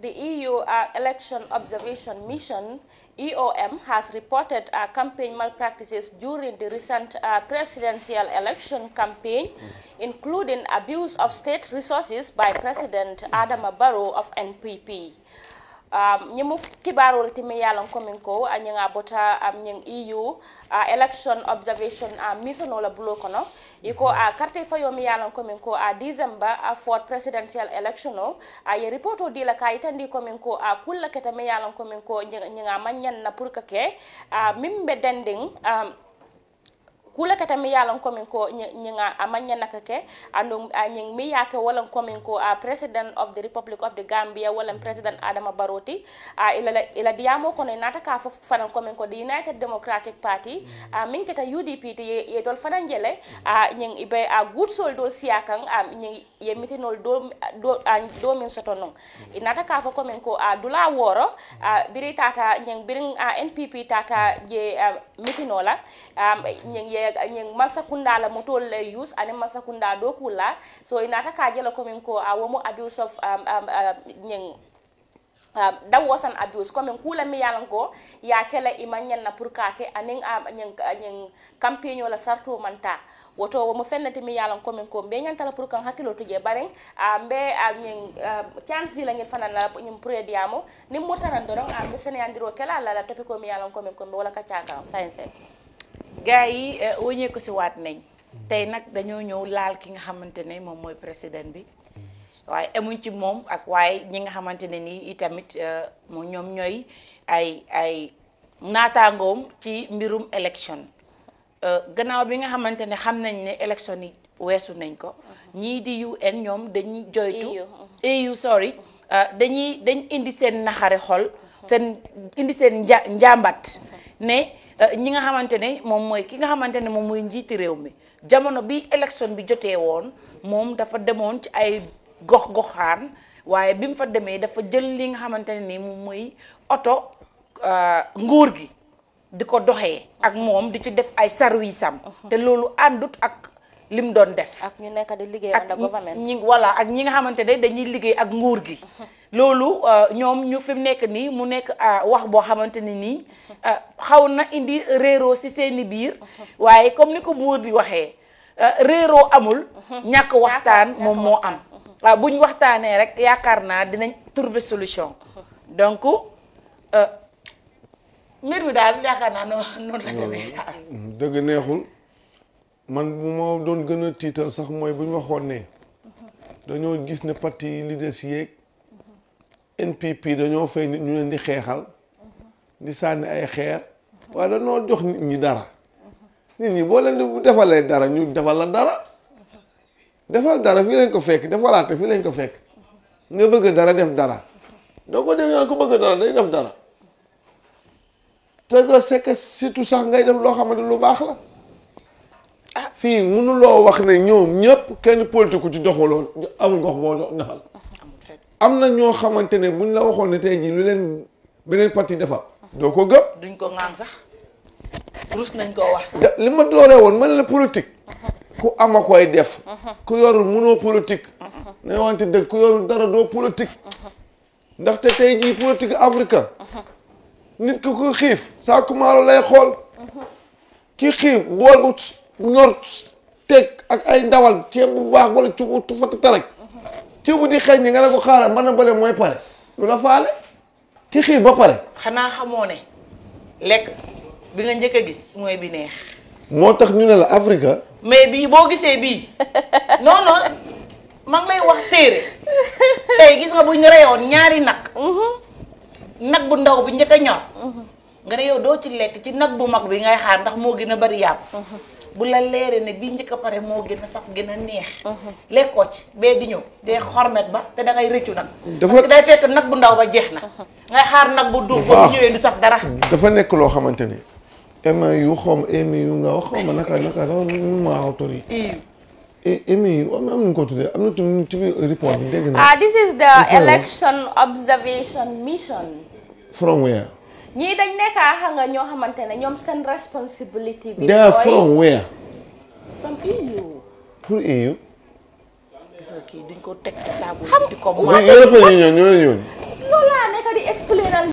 The EU uh, Election Observation Mission, EOM, has reported uh, campaign malpractices during the recent uh, presidential election campaign, including abuse of state resources by President Adama Barrow of NPP. um, nyimu kibarol timi yalon komin ko anyanga ah, bota am um, nyeng EU uh, ah, election observation uh, la bulo kono iko a uh, karte mi yalon komin ko a December a uh, fourth presidential a ye reporto di la kayitandi komin ko a kulla keta mi yalon komin ko nyanga manyan na pour ke uh, mimbe dending um, kula kata mi yalan komin ko ñinga amanya nakake ando ñing mi yake walan komin ko a president of the republic of the gambia walan president adama baroti a ila ila diamo kono nata ka fo fanan komin ko the united democratic party a min kata udp te ye dol fanan jele a ñing ibe a good sol dol siakan a ñing ye mitinol do do do min soto ka fo komin ko a dula woro a biri tata ñing birin a npp tata je mitinola ñing ye yeg ñing malsakunda la motol uh, use ani malsakunda do kula so inata kajela komin ko awomo ah, abuse of um, um, uh, ñing um, that um, was an abuse comme en kula mi ko ya kala imanyen na pour kake anin am ah, nyen nyen ah, campaign wala sarto manta woto wo mo fennati mi yalan ko men ko be nyen tala pour kan hakilo to je bare am be am nyen chance la ngel fanan la nyen prediamo ni la la topi ko mi yalan ko men ko wala ka gars yi euh, wëñeeku si waat nañ tey nag dañoo ñëw laal ki nga xamante ne moom mooy président bi waaye amuñ ci moom ak waaye ñi nga xamante ne tamit itamit euh, moom ñoom ñooy ay ay naataangoom ci mbirum élection euh, gannaaw bi nga xamante ne xam nañ ne élection weesu nañ ko ñii di UN ñoom dañuy joytu EU e sorry dañuy dañ indi seen naxari xol seen indi seen nja njàmbat ne euh, ñi nga xamante ne moom mooy ki nga xamante ne moom mooy njiiti réew mi jamono bi élection bi jotee woon moom dafa demoon ci ay gox-goxaan waaye bi mu fa demee dafa jël li nga xamante ne nii moom mooy oto euh, nguur gi di ko doxee ak moom di ci def ay sarwiisam uh-huh. te loolu àndut ak lim doon def. ak ñu nekk liggéey ak ñi voilà ak ñi nga xamante ne dañuy liggéey ak nguur gi. loolu euh, ñoom ñu fi mu nekk nii mu nekk euh, wax boo xamante ne nii euh, xaw na indi réeroo ci seeni biir waaye comme ni ko buur bi waxee réeroo amul. ñàkk waxtaan moom moo am. waaw bu waxtaanee rek yaakaar naa dinañ trouver solution. donc mbir mi daal yaakaar naa noonu la. dëgg neexul. man bu ma doon gën a tiital sax mooy bu ñu waxoon ne dañoo gis ne parti yi li des yéeg NPP dañoo fay nit ñu leen di xeexal di sànni ay xeer waaye dañoo jox nit ñi dara nit ñi boo leen di defalee dara ñu defal la dara defal dara fii lañ ko fekk defalaate fii lañ ko fekk nga bëgg dara def dara doo ko dégg ko bëgg dara day def dara te nga sekk surtout sax ngay def loo xamante lu baax la fii loo wax ne ñoom ñëpp kenn politique ci doxaloon amul gox boo dox naxal am na ñoo xamante ne buñ la waxoon ne tey jii lu leen beneen parti defar doo ko gëm duñ ko ŋaan sax rus nañ koo wax sax li ma dooree woon mën ne la politique ku ama koy def ku yorul mënoo politique na wante dëgg ku yorul dara doo politique ndaxte tey jii politique africain nit ku ko xiif saa kumaalo lay xool ki xiif bool ñor tek ak ay ndawal ci bu baax wala ceebu tufatu tarek bu di xey ni nga ne ko xaaral na bële moy pare lu la faale ci xey ba pare xana xamone lek bi nga ñëkë gis moy bi neex motax ñu ne la afrika mais bi bo gisé bi non non ma nglay wax téré tay gis nga bu ñu reyoon ñaari nag mhm. nak bu ndaw bu ñëkë ñor mhm. nga ne yow doo ci lekk ci nag bu mag bi ngay xaar ndax moo gën a bari yàpp mhm. bu la leeree ne bii njëkk a pare moo gën a saf gën a neex. Mhm. lekkoo ci bee di ñëw dee mhm. xormet ba te da ngay rëccu nag. dafa parce que day fekk nag bu ndaw ba jeex na. ngay xaar nag bu duur ba bu ñëwee du saf dara. loo xamante ni. yu xom émi yu nga ma naka naka dafa nu tur yi. E-, am na ñu ko tuddee am na tamit ci biir report bi dégg naa. ah this is the election observation mission. from ñii dañ nekk a ñoo xamante ne ñoom seen responsibility bi. they are from where. from pour e EU. kii duñ ko teg ci xam di ko mën a. loolu laa nekk di expliqué